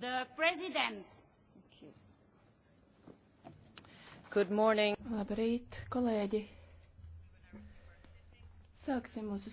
The President. Good morning. Labrīt, kolēģi. Sāksim mūsu